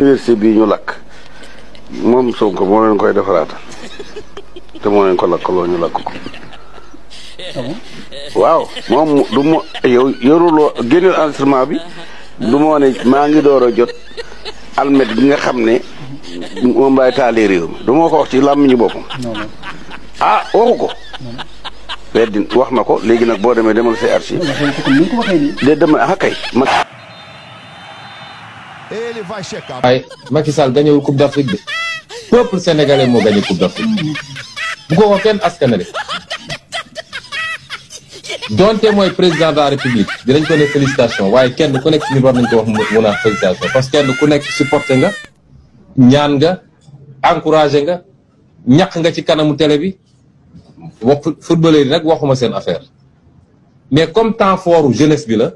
université bii ñu lakk moom Sonko moo leen koy defaraatal te moo leen ko lakkaloo ñu lakk ko. waaw moom du ma yow yoruloo génneel enregistrement bi du ma ne maa ngi door a jot almet bi nga xam ne moom laay taalee réew mi du ma ko wax ci làmmiñu boppam. ah waxu ko. wax na ko léegi nag boo demee demal say archive. de dama ah kay man. Ele vai checar. waaye Macky Sall gañewul Coupe d'Afrique bi peuple sénégalais moo gañe Coupe d'Afrique bu ko ko kenn askanale doonte mooy président de la république dinañ ko ne félicitation waaye kenn ku nekk si ñun nañ ko wax mu naan félicitation parce que kenn ku supporté nga ñaan nga encouragé nga ñaq nga ci kanamu télé bi wax footballeur yi nag waxuma seen affaire mais comme temps fooru jeunesse bi la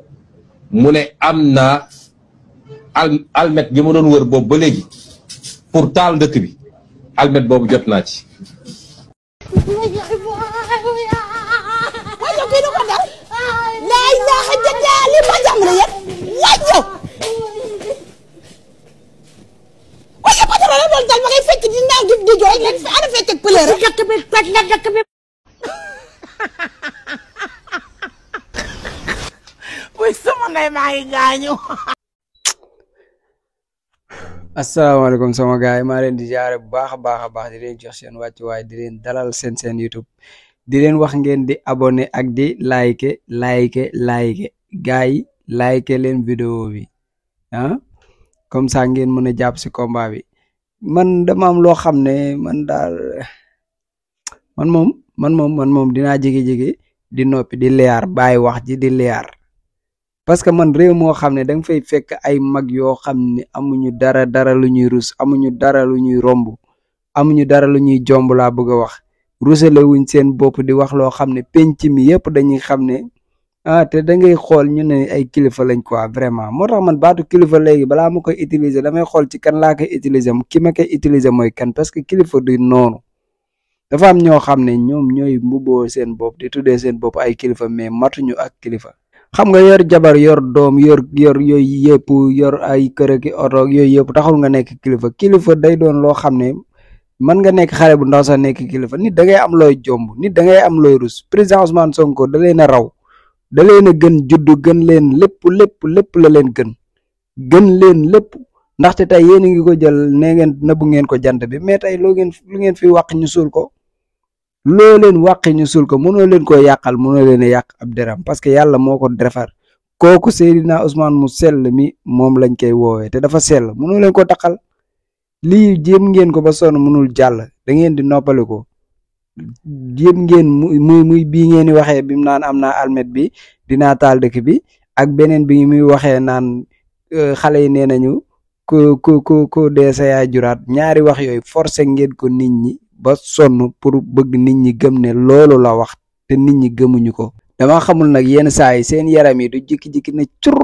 mu ne am naa al almet gi ma doon wër boobu ba léegi pour taal dëkk bi almet boobu jot naa ci. kii du ko dal laa ilaaha illallaah li ma jàmm na yéen waay yow waaye yow ma ma ngay fecc di naaw di di jooy rek fi fecc ak pëlër rek dëkk maa ngi gaañu. asalaamaaleykum sama gars yi maa leen di jaare bu baax a baax a baax di leen jox seen wàccuwaay di leen dalal seen seen YouTube di leen wax ngeen di abonné ak di like like like gars yi like leen vidéo bi ah comme ça ngeen mën a jàpp si combat bi man dama am loo xam ne man daal man moom man moom man moom dinaa jege jege di noppi di leer baay wax ji di leer. parce que man réew moo xam ne da nga fay fekk ay mag yoo xam ne amuñu dara dara lu ñuy rus amuñu dara lu ñuy romb amuñu dara lu ñuy jomb laa bëgg a wax rusale wuñ seen bopp di wax loo xam ne penc mi yëpp dañuy xam ne ah te da ngay xool ñu ne ay kilifa lañ quoi vraiment moo tax man baatu kilifa léegi balaa ma koy utiliser damay xool ci kan laa koy utiliser ki ma koy utiliser mooy kan parce que kilifa du noonu dafa am ñoo xam ne ñoom ñooy mbubboo seen bopp di tuddee seen bopp ay kilifa mais matuñu ak kilifa. xam nga yor jabar yor doom yor yor yooyu yëpp yor ay kër i oto yooyu yëpp taxul nga nekk kilifa kilifa day doon loo xam ne mën nga nekk xale bu ndaw sax nekk kilifa ni da ngay am looy jomb ni da ngay am looy rus président Sonko da leen a raw da leen a gën juddu gën leen lépp lépp lépp la leen gën gën leen lépp ndaxte tey yéen a ngi ko jël nee ngeen nëbbu ngeen ko jant bi mais tey loo lu ngeen fi wax ñu suul ko loo leen wàqi ñu sul ko mënoo leen koo yàqal mënoo leen yàq ab deram parce que yàlla moo ko defar kooku Seydina Ousmane mu sell mi moom lañ koy woowee te dafa sell mënoo leen ko taqal lii jéem ngeen ko ba sonn mënul jàll dangeen di noppali ko jéem ngeen muy muy bii ngeen di waxee bi mu naan am na almet bi dina taal dëkk bi ak beneen bi muy waxee naan euh, xale yi nee nañu ko ko ko ko dee juraat ñaari wax yooyu forcé ngeen ko nit ñi ba sonn pour bëgg nit ñi gëm ne loolu la wax te nit ñi gëmuñu ko dama xamul nag yenn saa yi seen yaram yi du jikki-jikki ne cur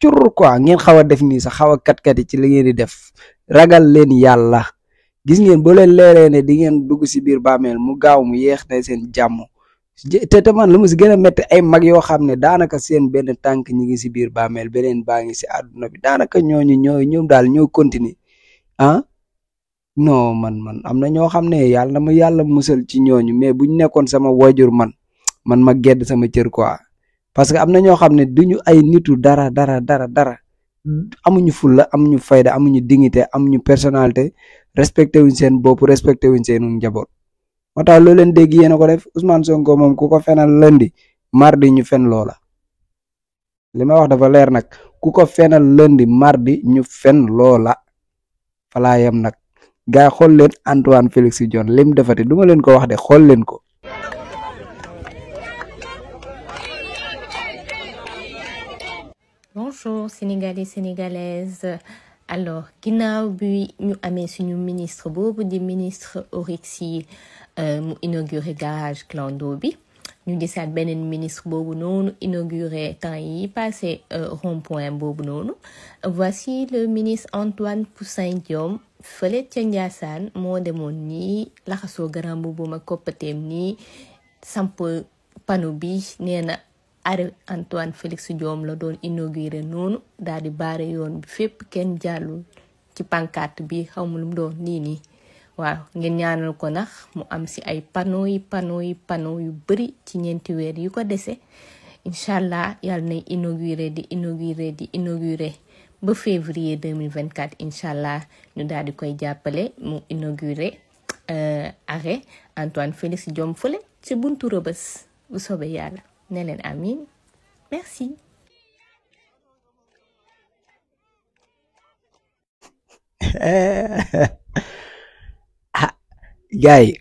cur quoi ngeen xaw a def nii sax xaw a kat-kati ci li ngeen di def ragal leen yàlla gis ngeen boo leen leeree ne di ngeen dugg si biir bàmmeel mu gaaw mu yeex na seen jàmm te te man lu mu si gën a métti ay mag yoo xam ne daanaka seen benn tànk ñi ngi si biir bàmmeel beneen baa ngi si àdduna bi daanaka ñooñu ñooy ñoom daal ñoo continuer ah non man man am na ñoo xam ne yàlla ma yàlla musal ci ñooñu mais buñ nekkoon sama wajur man man ma gedd sama cër quoi parce que am na ñoo xam ne duñu ay nitu dara dara dara dara amuñu fulla ñu fayda amuñu dignité amuñu personnalité respecté wuñ seen bopp respecté wuñ seenu njaboot moo tax loo leen dégg yéen a ko def Ousmane Sonko moom ku ko fenal lundi mardi ñu fen loola li ma wax dafa leer nag ku ko fenal lundi mardi ñu fen loola falaa yem nag gaa xol leen Antoine Félix Diome lim defati du leen ko wax de xol leen ko. bonjour sénégalais sénégalaises alors ginnaaw bi ñu amee suñu ministre boobu di ministre orixi euh, mu inauguré garage clando bi ñu gisaat beneen ministre boobu noonu inauguré temps yi passé euh, rond point boobu noonu voici le ministre Antoine Poussin Diome. fële ca moo demoon nii laxasoo garam bu ma koppateem nii samp panu bi nee na arrêt Antoine Félix Diome la doon inauguré noonu daal di baare yoon bi fépp kenn jàllul ci pancarte bi xamul doon nii nii waaw ngeen ñaanal ko nax mu am si ay panneaux yi panneaux yu bëri ci ñeenti weer yu ko desee incha allah yàlla nay inauguré di inauguré di inauguré ba février 2024 incha allah ñu daal di koy jàppale mu inauguré euh, arrêt Antoine Félix Diome fële ci buntu rëbës bu soobee yàlla ne leen merci. ah gars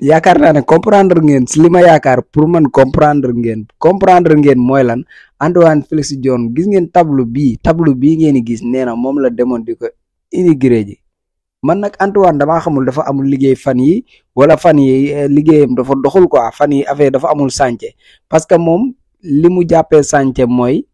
yaakaar naa ne comprendre ngeen si li ma yaakaar pour man comprendre ngeen comprendre ngeen mooy lan Antoine Félix Diome gis ngeen tablu bii tablu bii ngeen gis nee na moom la demoon di ko immigré ji man nag Antoine damaa xamul dafa amul liggéey fan yi wala fan yi eh, liggéeyam dafa doxul quoi fan yi affaire dafa amul sànce parce que moom li mu jàppee sànce mooy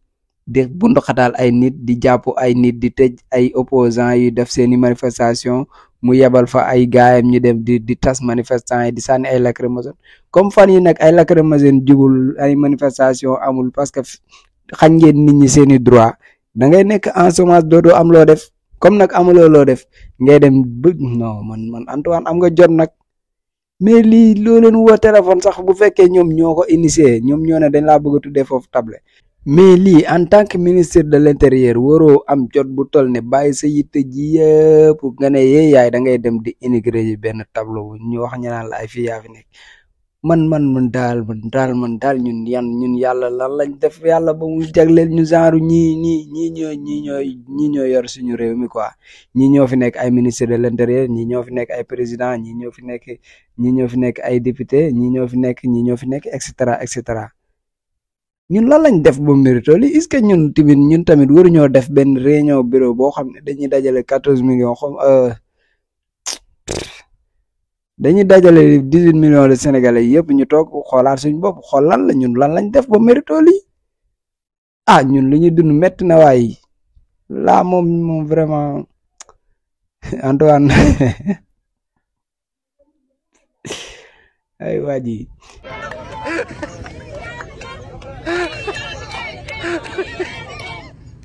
di bunduxataal ay nit di jàpp ay nit di tëj ay opposants yu def seeni manifestation mu yebal fa ay gaayam ñu dem di di tas manifestants di sànni ay lacrymogène comme fan yi nag ay lacrymogène jubul ay manifestation amul parce que xañ ngeen nit ñi seeni droit da ngay nekk en semence doodoo am loo def comme nag amuloo loo def ngay dem bëgg non man man Antoine am nga jot nag mais lii loo leen woo téléphone sax bu fekkee ñoom ñoo ko initier ñoom ñoo ne dañ laa bëgg a tuddee foofu table mais lii en tant que ministre de l'intérieur waroo am jot bu toll ne bàyyi sa yitte ji yëpp nga ne yee da ngay dem di intégré yi benn tableau bu ñu wax ñu ay fii yaa man man mun daal man daal man daal ñun yan ñun yàlla lan lañ def yàlla ba mu jagleel ñu genre ñii ñii ñii ñoo ñii ñooy ñii ñoo yor suñu réew mi quoi ñii ñoo fi nekk ay ministre de l'intérieur ñii ñoo fi nekk ay président ñii ñoo fi nekk ñii ñoo fi nekk ay député ñii ñoo fi nekk ñii ñoo fi nekk et cetera et cetera. ñun lan lañ def ba mérito li est-ce que ñun tamit ñun tamit waruñoo def benn réunion béro boo xam ne dañuy dajale quatorze millions xom euh, dañuy dajale dix-huit millions de sénégalais yëpp ñu toog xoolaat suñ bopp xool lan la ñun lan lañ def ba mérito li ah ñun li ñuy dund metti na waay laa moom moom vraiment Antoine ay waa ji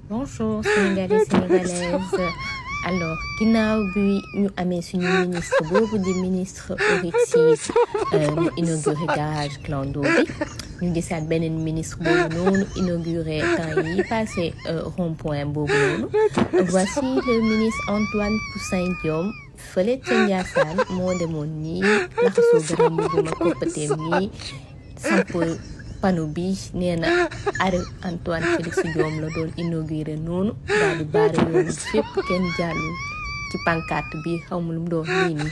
bonjour sénégalais sénégalaises alors nous bi ministre de ministres ministre euh, garage clando Nous avons ministre inauguré euh, rond-point voici le ministre Antoine Poussin Diome fële ca mon la la ma panubi nena are antoine felix diom la doon inauguré nonu daal bari baare fep ken kenn ci pancarte bi xawmu mu do ni ni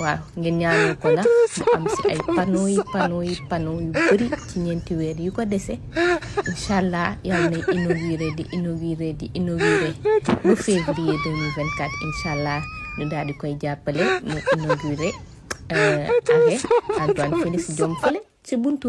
waaw ngeen ñaanu ko nag am ci ay panneau yi panneau yi panneau yu bari ci ñeenti weer yu ko dese inshallah yalla ne nay di inauguré di inauguré bu février 2024 inshallah ñu daal di koy jappalé mu inauguré euh, avec Antoine felix Diom eh. fele ci buntu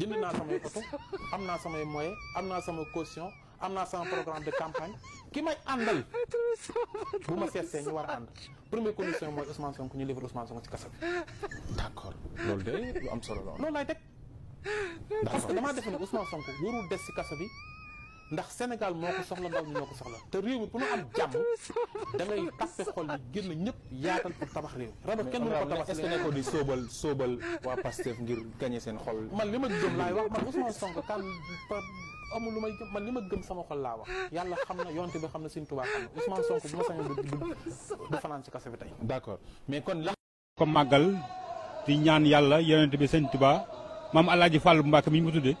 jënd naa samay oto am naa samay moyens am naa sama caution am naa sama programme de campagne ki may àndal bu ma seetsee ñu war a ànd première condition mooy Ousmane Sonko ñu livre Ousmane Sonko ci kaso bi. d'accord loolu de lu am solo la. loolu laay teg parce que damaa defe ne Ousmane Sonko warul des si kaso bi. ndax Sénégal moo ko soxla ndaw ñi moo ko soxla te réew mi pour ñu am jàmm da ngay tappe xol yi génn ñëpp yaatal pour tabax réew raba kenn mënu ko tabax est-ce que ngir gagner seen xol man li ma gëm laay wax man Ousmane Sonko kan amul lu may man li ma gëm sama xol laa wax yàlla xam na yonte bi xam na Sëñ Tuubaa xam na Ousmane Sonko bu ma sañoon du fanaan si kaso bi tey d'accord mais kon la ko màggal di ñaan yàlla yonente bi Sëñ Tuubaa maam Alaaji Fàllu Mbàkke mi ñu ko tuddee